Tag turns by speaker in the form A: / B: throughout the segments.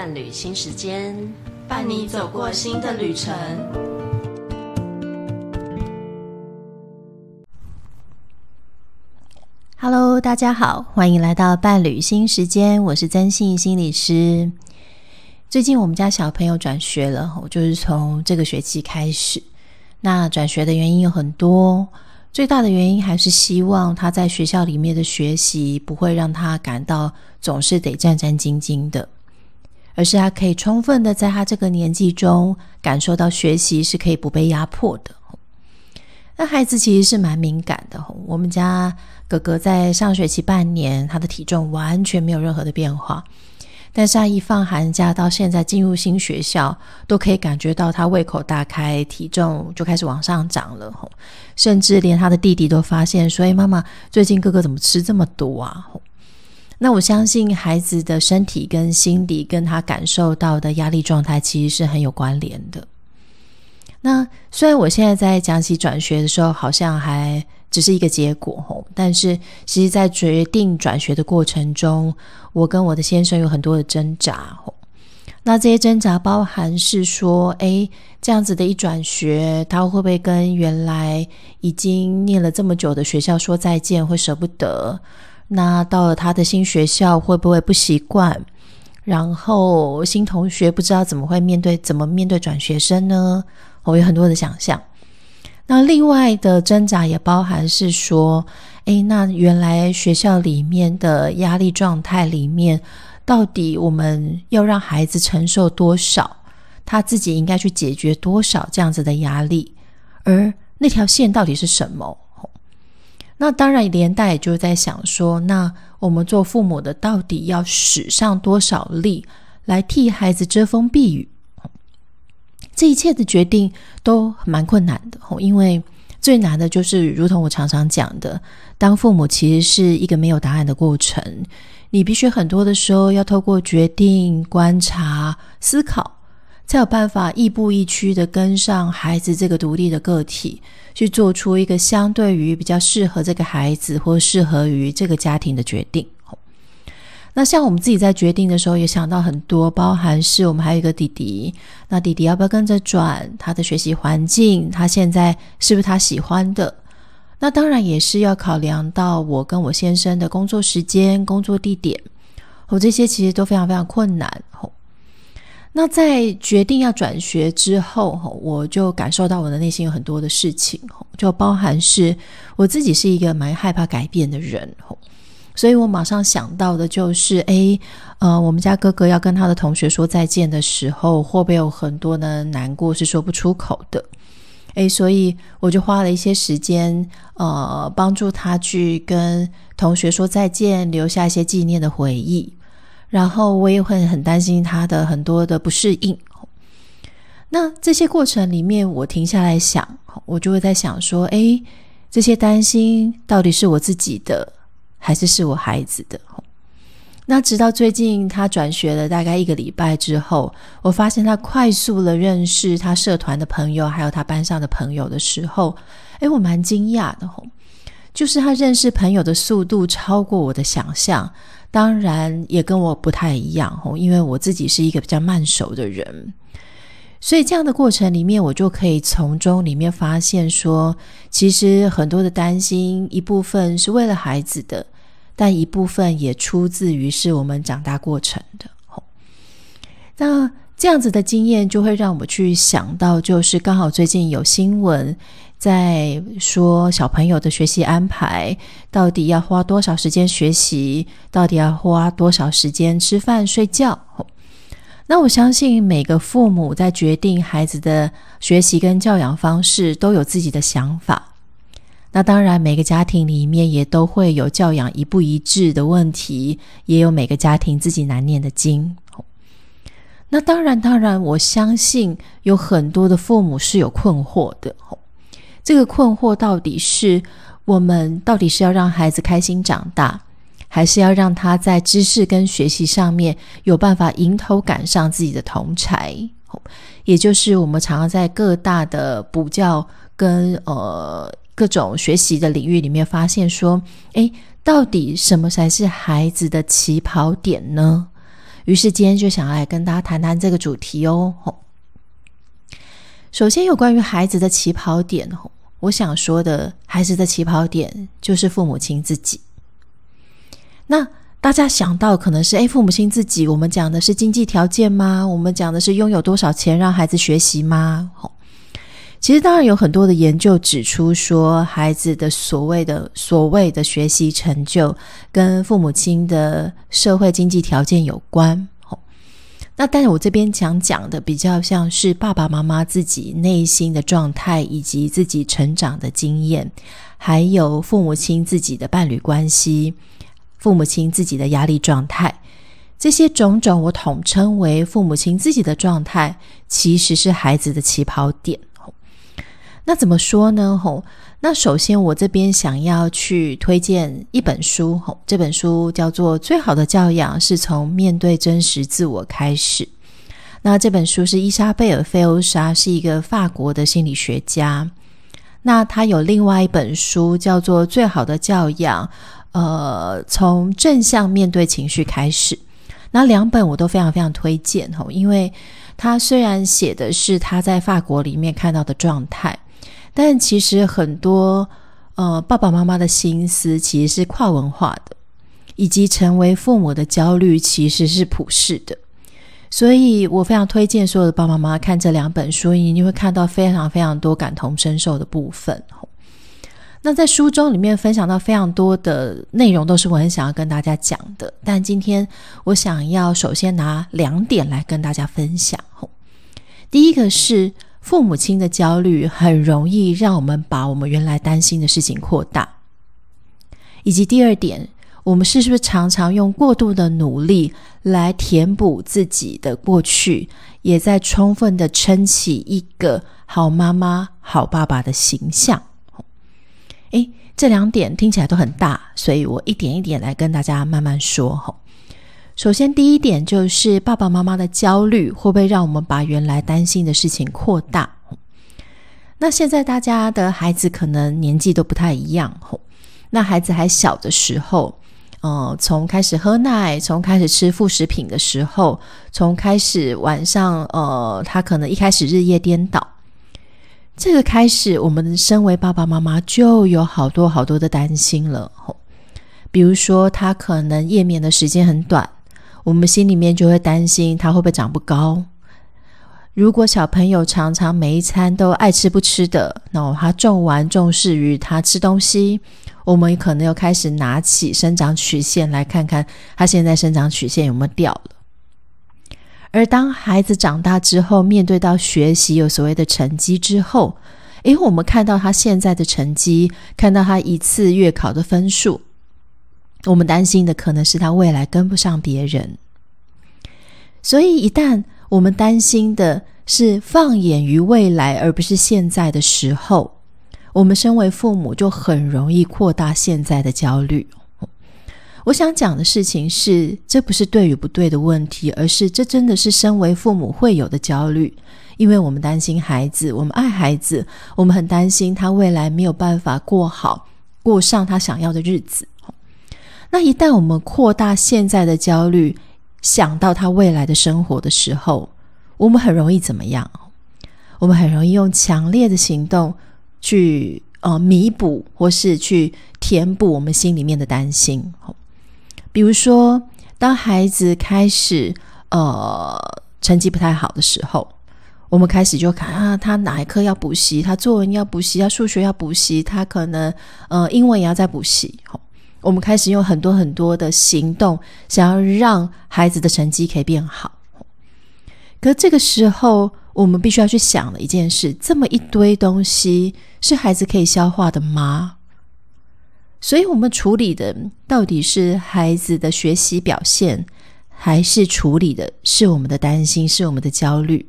A: 伴侶新時間，伴你走過新的旅程。Hello，大家好，歡迎來到伴侶新時間，我是曾心怡心理師。最近我們家小朋友轉學了，我就是從這個學期開始。那轉學的原因有很多，最大的原因還是希望他在學校裡面的學習不會讓他感到總是得戰戰兢兢的。而是他可以充分的在他這個年紀中感受到學習是可以不被壓迫的。那孩子其實是蠻敏感的。我們家哥哥在上學期半年，他的體重完全沒有任何的變化，但是他一放寒假到現在進入新學校，都可以感覺到他胃口大開，體重就開始往上漲了。甚至連他的弟弟都發現，說：“哎，媽媽，最近哥哥怎麼吃這麼多啊？”那我相信孩子的身體跟心理跟他感受到的壓力狀態，其實是很有關聯的。那雖然我現在在講起轉學的時候，好像還只是一個結果哦，但是其實，在決定轉學的過程中，我跟我的先生有很多的掙扎。那這些掙扎包含是說，誒，這樣子的一轉學，他會不會跟原來已經念了這麼久的學校說再見，會捨不得？那到了他的新學校會不會不習慣？然後新同學不知道怎麼會面對，怎麼面對轉學生呢？我有很多的想象。那另外的掙扎也包含是說，誒，那原來學校裡面的壓力狀態裡面，到底我們要讓孩子承受多少？他自己應該去解決多少這樣子的壓力？而那條線到底是什麼？那當然，連帶也就在想說，那我們做父母的到底要使上多少力來替孩子遮風避雨？這一切的決定都蠻困難的，因為最難的就是，如同我常常講的，當父母其實是一個沒有答案的過程，你必須很多的時候要透過決定、觀察、思考。才有辦法亦步亦趨的跟上孩子這個獨立的個體，去做出一個相對於比較適合這個孩子或適合於這個家庭的決定。那像我們自己在決定的時候，也想到很多，包含是我們還有一個弟弟，那弟弟要不要跟着轉，他的學習環境？他現在是不是他喜歡的？那當然也是要考量到我跟我先生的工作時間、工作地點，我這些其實都非常非常困難。那在決定要轉學之後，我就感受到我的內心有很多的事情，就包含是我自己是一個蠻害怕改變的人，所以我馬上想到的就是，哎，呃，我們家哥哥要跟他的同學說再見的時候，會不會有很多的難過是說不出口的？哎，所以我就花了一些時間，呃，幫助他去跟同學說再見，留下一些紀念的回憶。然後我也會很擔心他的很多的不適應。那這些過程裡面，我停下來想，我就會在想說，誒，這些擔心到底是我自己的，還是是我孩子的？那直到最近他轉學了，大概一個禮拜之後，我發現他快速的認識他社團的朋友，還有他班上的朋友的時候，誒，我蠻驚訝的。就是他認識朋友的速度超過我的想象。當然也跟我不太一樣，因為我自己是一個比較慢熟的人，所以這樣的過程裡面，我就可以從中裡面發現說，其實很多的擔心一部分是為了孩子的，但一部分也出自於是我們長大過程的。那這樣子的經驗就會讓我們去想到，就是剛好最近有新聞。在說小朋友的學習安排，到底要花多少時間學習？到底要花多少時間吃飯睡覺？那我相信每個父母在決定孩子的學習跟教養方式，都有自己的想法。那當然，每個家庭裡面也都會有教養一不一致的問題，也有每個家庭自己難念的經。那當然，當然，我相信有很多的父母是有困惑的。這個困惑到底是我們到底是要讓孩子開心長大，還是要讓他在知識跟學習上面有辦法迎頭趕上自己的同儕？也就是我們常常在各大的補教跟呃各種學習的領域裡面發現說，哎，到底什麼才是孩子的起跑點呢？於是今天就想來跟大家談談這個主題哦。首先有關於孩子的起跑點。我想說的孩子的起跑點就是父母親自己。那大家想到可能是，哎，父母親自己，我們講的是經濟條件嗎？我們講的是擁有多少錢讓孩子學習嗎？哦，其實當然有很多的研究指出說孩子的所謂的所謂的學習成就跟父母親的社會經濟條件有關。那但是我這邊講講的比較像是爸爸媽媽自己內心的狀態，以及自己成長的經驗，還有父母親自己的伴侶關係，父母親自己的壓力狀態，這些種種，我統稱為父母親自己的狀態，其實是孩子的起跑點。那怎麼說呢？吼。那首先，我這邊想要去推薦一本書，齁，這本書叫做《最好的教養是從面對真實自我開始》。那這本書是伊莎貝爾·費歐莎，是一個法國的心理學家。那他有另外一本書叫做《最好的教養》，呃，從正向面對情緒開始。那兩本我都非常非常推薦，哈，因為他雖然寫的是他在法國裡面看到的狀態。但其實很多，呃，爸爸媽媽的心思其實是跨文化的，以及成為父母的焦慮其實是普世的，所以我非常推薦所有的爸爸媽媽看這兩本書，你會看到非常非常多感同身受的部分。那在書中裡面分享到非常多的內容，都是我很想要跟大家講的。但今天我想要首先拿兩點來跟大家分享吼。第一個是。父母親的焦慮很容易讓我們把我們原來擔心的事情擴大，以及第二點，我們是不是常常用過度的努力來填補自己的過去，也在充分的撐起一個好媽媽、好爸爸的形象？哎，這兩點聽起來都很大，所以我一點一點來跟大家慢慢說。首先，第一點就是爸爸媽媽的焦慮會不會讓我們把原來擔心的事情擴大？那現在大家的孩子可能年紀都不太一樣。吼，那孩子還小的時候，呃，從開始喝奶，從開始吃副食品的時候，從開始晚上，呃，他可能一開始日夜顛倒，這個開始，我們身為爸爸媽媽就有好多好多的擔心了。吼，比如說他可能夜眠的時間很短。我們心裡面就會擔心他會不會長不高。如果小朋友常常每一餐都愛吃不吃的，那他重玩重視於他吃東西，我們可能又開始拿起生長曲線來看看他現在生長曲線有沒有掉了。而當孩子長大之後，面對到學習有所謂的成績之後，因為我們看到他現在的成績，看到他一次月考的分數。我們擔心的可能是他未來跟不上別人，所以一旦我們擔心的是放眼於未來而不是現在的時候，我們身為父母就很容易擴大現在的焦慮。我想講的事情是，這不是對與不對的問題，而是這真的是身為父母會有的焦慮，因為我們擔心孩子，我們愛孩子，我們很擔心他未來沒有辦法過好，過上他想要的日子。那一旦我們擴大現在的焦慮，想到他未來的生活的時候，我們很容易怎麼樣？我們很容易用強烈的行動去呃彌補，或是去填補我們心裡面的擔心。比如說，當孩子開始呃成績不太好的時候，我們開始就看啊，他哪一科要補習，他作文要補習，他數學要補習，他可能呃英文也要再補習。我們開始用很多很多的行動，想要讓孩子的成績可以變好。可這個時候，我們必須要去想了一件事：這麼一堆東西，是孩子可以消化的嗎？所以，我們處理的到底是孩子的學習表現，還是處理的是我們的擔心，是我們的焦慮？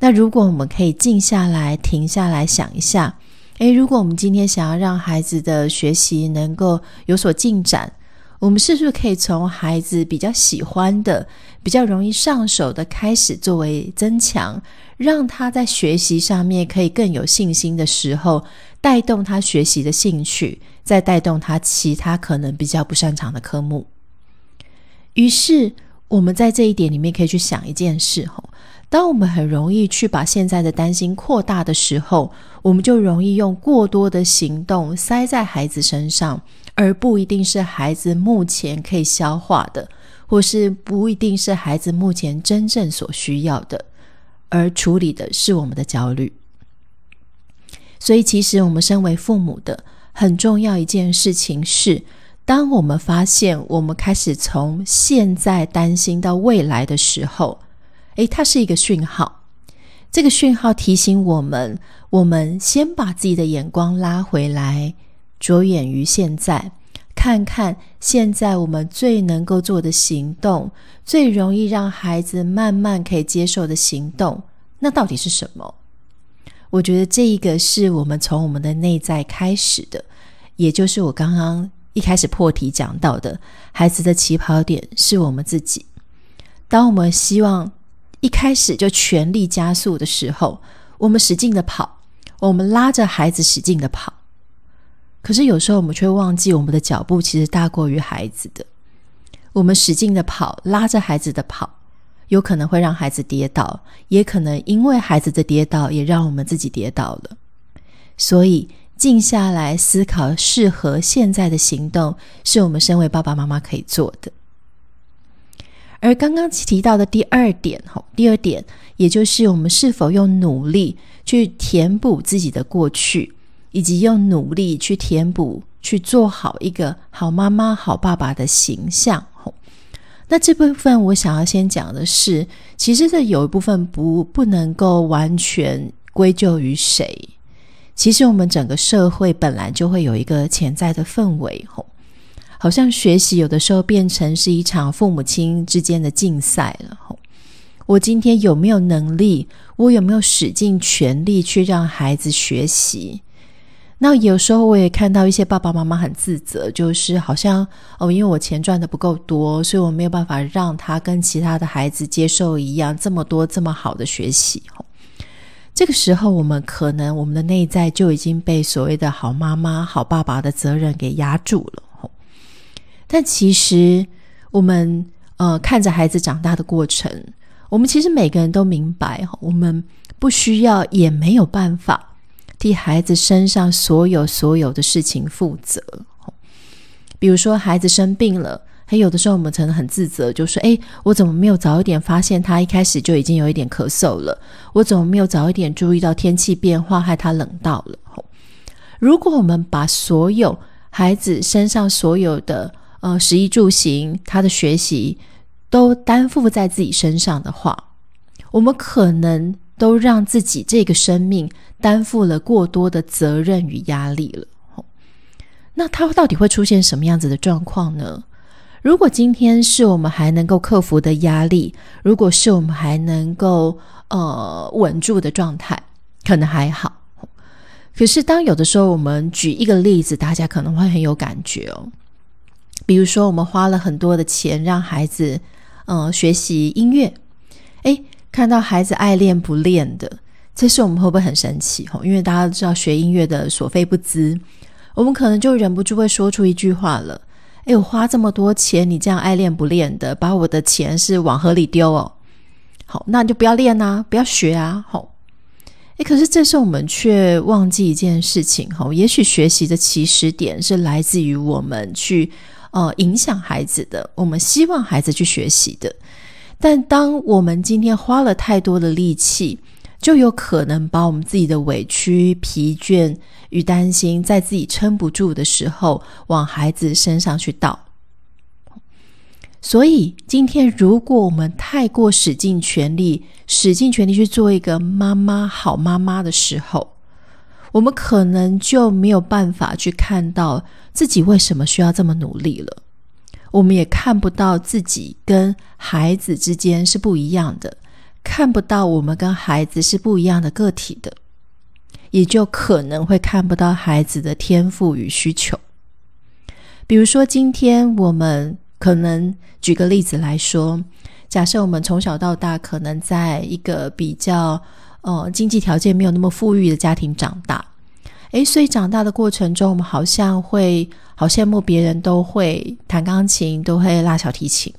A: 那如果我們可以靜下來，停下來想一下。誒，如果我們今天想要讓孩子的學習能夠有所進展，我們是不是可以從孩子比較喜歡的、比較容易上手的開始作為增強，讓他在學習上面可以更有信心的時候，帶動他學習的興趣，再帶動他其他可能比較不擅長的科目。於是，我們在這一點裡面可以去想一件事吼。當我們很容易去把現在的擔心擴大的時候，我們就容易用過多的行動塞在孩子身上，而不一定是孩子目前可以消化的，或是不一定是孩子目前真正所需要的，而處理的是我們的焦慮。所以其實我們身為父母的很重要一件事情是，當我們發現我們開始從現在擔心到未來的時候。誒，它是一個訊號，這個訊號提醒我們，我們先把自己的眼光拉回來，着眼於現在，看看現在我們最能夠做的行動，最容易讓孩子慢慢可以接受的行動，那到底是什麼？我覺得這一個是我們從我們的內在開始的，也就是我剛剛一開始破題講到的，孩子的起跑點是我們自己。當我們希望，一開始就全力加速的時候，我們使勁的跑，我們拉着孩子使勁的跑。可是有時候我們卻忘記，我們的腳步其實大過於孩子的。我們使勁的跑，拉着孩子的跑，有可能會讓孩子跌倒，也可能因為孩子的跌倒，也讓我們自己跌倒了。所以，靜下來思考適合現在的行動，是我們身為爸爸媽媽可以做的。而剛剛提到的第二點，吼，第二點，也就是我們是否用努力去填補自己的過去，以及用努力去填補、去做好一個好媽媽、好爸爸的形象，吼，那這部分我想要先講的是，其實這有一部分不不能夠完全歸咎於誰。其實我們整個社會本來就會有一個潛在的氛圍，吼好像學習有的時候變成是一場父母親之間的競賽了。我今天有沒有能力？我有沒有使盡全力去讓孩子學習？那有時候我也看到一些爸爸媽媽很自責，就是好像哦，因為我錢賺的不夠多，所以我沒有辦法讓他跟其他的孩子接受一樣這麼多這麼好的學習。這個時候，我們可能我們的內在就已經被所謂的好媽媽、好爸爸的責任給壓住了。但其實，我們呃看着孩子長大的過程，我們其實每個人都明白，我們不需要也沒有辦法替孩子身上所有所有的事情負責。比如說，孩子生病了，有的時候我們可能很自責，就說：“誒、欸，我怎麼沒有早一點發現他一開始就已經有一點咳嗽了？我怎麼沒有早一點注意到天氣變化害他冷到了？”如果我們把所有孩子身上所有的呃，食衣住行，他的學習，都擔負在自己身上的話，我們可能都讓自己這個生命擔負了過多的責任與壓力了。那他到底會出現什麼樣子的狀況呢？如果今天是我們還能夠克服的壓力，如果是我們還能夠呃穩住的狀態，可能還好。可是當有的時候，我們舉一個例子，大家可能會很有感覺哦。比如說，我們花了很多的錢讓孩子，嗯，學習音樂，誒，看到孩子愛練不練的，這時我們會不會很神奇？吼，因為大家都知道學音樂的所費不貲，我們可能就忍不住會說出一句話了：誒，我花這麼多錢，你這樣愛練不練的，把我的錢是往河裡丟哦。好，那你就不要練啊，不要學啊。好，誒，可是這時候我們卻忘記一件事情吼，也許學習的起始點是來自於我們去。哦、呃，影響孩子的，我們希望孩子去學習的。但當我們今天花了太多的力氣，就有可能把我們自己的委屈、疲倦、與擔心，在自己撐不住的時候，往孩子身上去倒。所以，今天如果我們太過使盡全力、使盡全力去做一個媽媽、好媽媽的時候，我們可能就沒有辦法去看到自己為什麼需要這麼努力了，我們也看不到自己跟孩子之間是不一樣的，看不到我們跟孩子是不一樣的個體的，也就可能會看不到孩子的天賦與需求。比如說，今天我們可能舉個例子來說，假設我們從小到大可能在一個比較，哦，經濟條件沒有那麼富裕的家庭長大，哎，所以長大的過程中，我們好像會好羨慕別人，都會彈鋼琴，都會拉小提琴。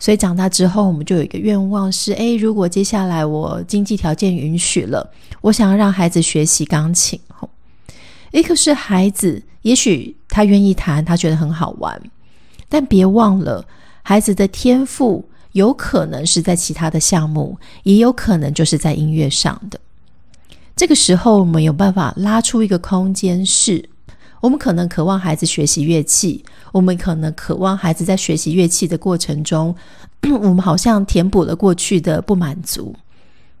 A: 所以長大之後，我們就有一個願望是：哎，如果接下來我經濟條件允許了，我想要讓孩子學習鋼琴。吼，哎，可是孩子也許他願意彈，他覺得很好玩，但別忘了孩子的天賦。有可能是在其他的項目，也有可能就是在音樂上的。這個時候，我們有辦法拉出一個空間是，是我們可能渴望孩子學習樂器，我們可能渴望孩子在學習樂器的過程中，我們好像填補了過去的不滿足。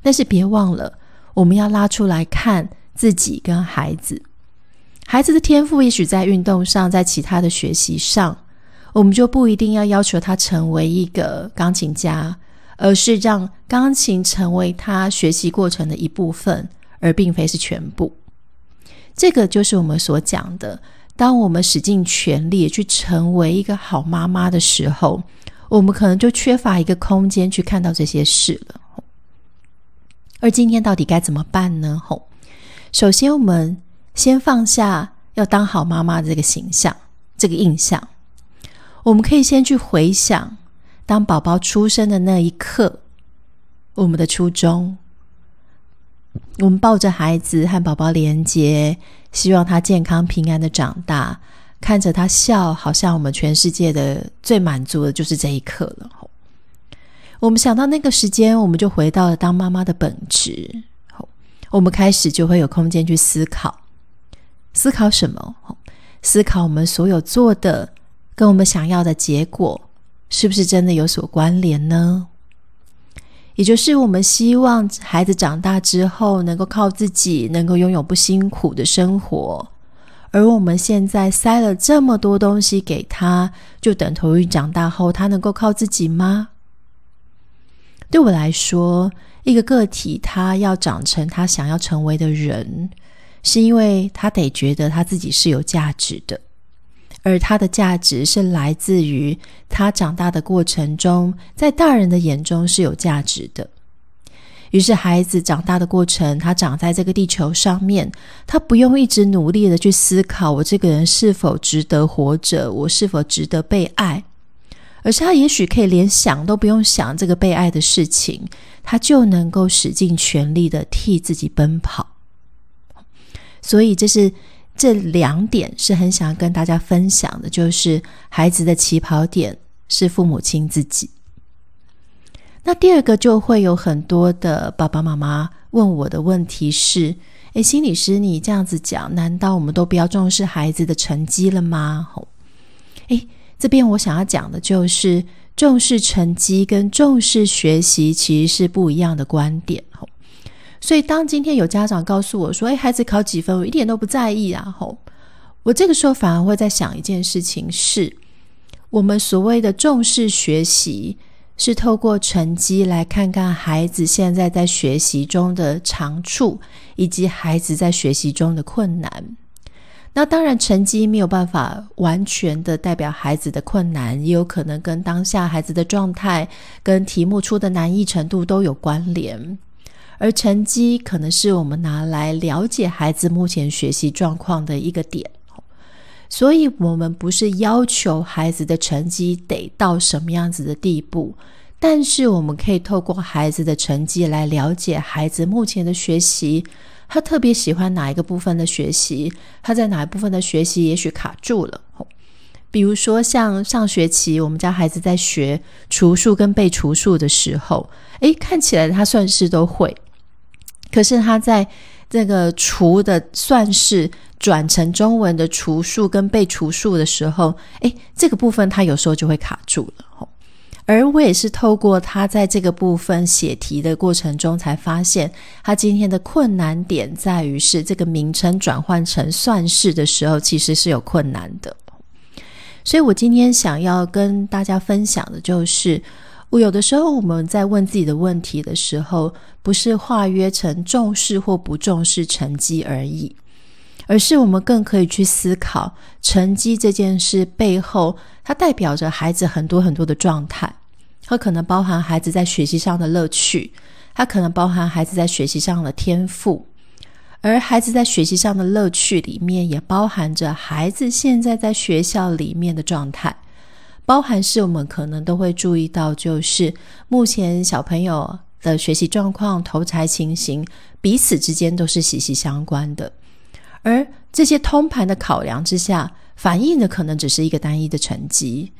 A: 但是別忘了，我們要拉出來看自己跟孩子。孩子的天賦也許在運動上，在其他的學習上。我們就不一定要要求他成為一個鋼琴家，而是讓鋼琴成為他學習過程的一部分，而並非是全部。這個就是我們所講的，當我們使盡全力去成為一個好媽媽的時候，我們可能就缺乏一個空間去看到這些事了。而今天到底該怎麼辦呢？吼，首先，我們先放下要當好媽媽的這個形象，這個印象。我們可以先去回想，當寶寶出生的那一刻，我們的初衷。我們抱着孩子和寶寶連接，希望他健康平安的長大，看着他笑，好像我們全世界的最滿足的就是這一刻了。我們想到那個時間，我們就回到了當媽媽的本質。好，我們開始就會有空間去思考，思考什麼？思考我們所有做的。跟我們想要的結果是不是真的有所關聯呢？也就是我們希望孩子長大之後能夠靠自己，能夠擁有不辛苦的生活，而我們現在塞了這麼多東西給他，就等同於長大後他能夠靠自己嗎？對我來說，一個個體他要長成他想要成為的人，是因為他得覺得他自己是有價值的。而他的價值是來自於他長大的過程中，在大人的眼中是有價值的。於是，孩子長大的過程，他長在這個地球上面，他不用一直努力的去思考我這個人是否值得活着，我是否值得被愛，而是他也許可以連想都不用想這個被愛的事情，他就能夠使盡全力的替自己奔跑。所以，這是。這兩點是很想要跟大家分享的，就是孩子的起跑點是父母親自己。那第二個就會有很多的爸爸媽媽問我的問題是：誒，心理師，你這樣子講，難道我們都不要重視孩子的成績了嗎？哦，誒，這邊我想要講的就是重視成績跟重視學習其實是不一樣的觀點。所以，當今天有家長告訴我說：“誒、哎，孩子考幾分？”我一點都不在意啊！吼，我這個時候反而會在想一件事情是：是我們所謂的重視學習，是透過成績來看看孩子現在在學習中的長處，以及孩子在學習中的困難。那當然，成績沒有辦法完全的代表孩子的困難，也有可能跟當下孩子的狀態、跟題目出的難易程度都有關聯。而成績可能是我們拿來了解孩子目前學習狀況的一個點，所以我們不是要求孩子的成績得到什麼樣子的地步，但是我們可以透過孩子的成績來了解孩子目前的學習，他特別喜歡哪一個部分的學習，他在哪一部分的學習也許卡住了。比如說像上學期我們家孩子在學除數跟被除數的時候，誒，看起來他算是都會。可是他在這個除的算式轉成中文的除數跟被除數的時候，誒，這個部分他有時候就會卡住了。而我也是透過他在這個部分寫題的過程中，才發現他今天的困難點在於是這個名稱轉換成算式的時候，其實是有困難的。所以，我今天想要跟大家分享的就是。我有的時候，我們在問自己的問題的時候，不是化約成重視或不重視成績而已，而是我們更可以去思考成績這件事背後，它代表着孩子很多很多的狀態。它可能包含孩子在學習上的樂趣，它可能包含孩子在學習上的天賦，而孩子在學習上的樂趣裡面，也包含着孩子現在在學校裡面的狀態。包含是我們可能都會注意到，就是目前小朋友的學習狀況、同儕情形彼此之間都是息息相關的。而這些通盤的考量之下，反映的可能只是一個單一的成績。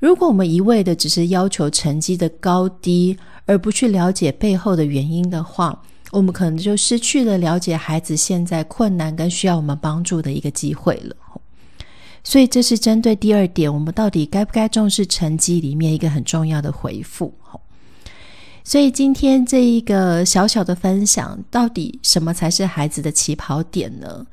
A: 如果我們一味的只是要求成績的高低，而不去了解背後的原因的話，我們可能就失去了了解孩子現在困難跟需要我們幫助的一個機會了。所以這是針對第二點，我們到底該不該重視成績裡面一個很重要的回復？所以今天這一個小小的分享，到底什麼才是孩子的起跑點呢？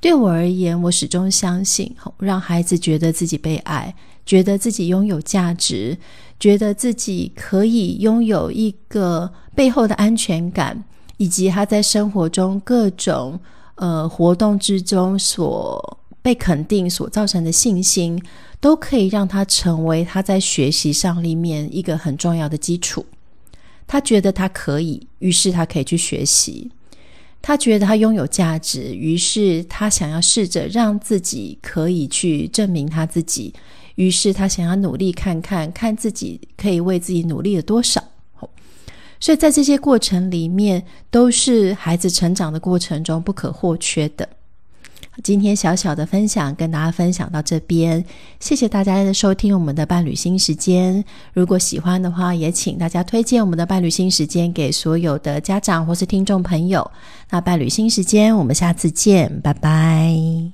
A: 對我而言，我始終相信，讓孩子覺得自己被愛，覺得自己擁有價值，覺得自己可以擁有一個背後的安全感，以及他在生活中各種呃活動之中所。被肯定所造成的信心，都可以讓他成為他在學習上裡面一個很重要的基礎。他覺得他可以，於是他可以去學習；他覺得他擁有價值，於是他想要試着讓自己可以去證明他自己；於是他想要努力看看，看自己可以為自己努力了多少。所以在這些過程裡面，都是孩子成長的過程中不可或缺的。今天小小的分享跟大家分享到這邊，謝謝大家的收聽我們的伴侶心時間。如果喜歡的話，也請大家推薦我們的伴侶心時間給所有的家長或是聽眾朋友。那伴侶心時間，我們下次見，拜拜。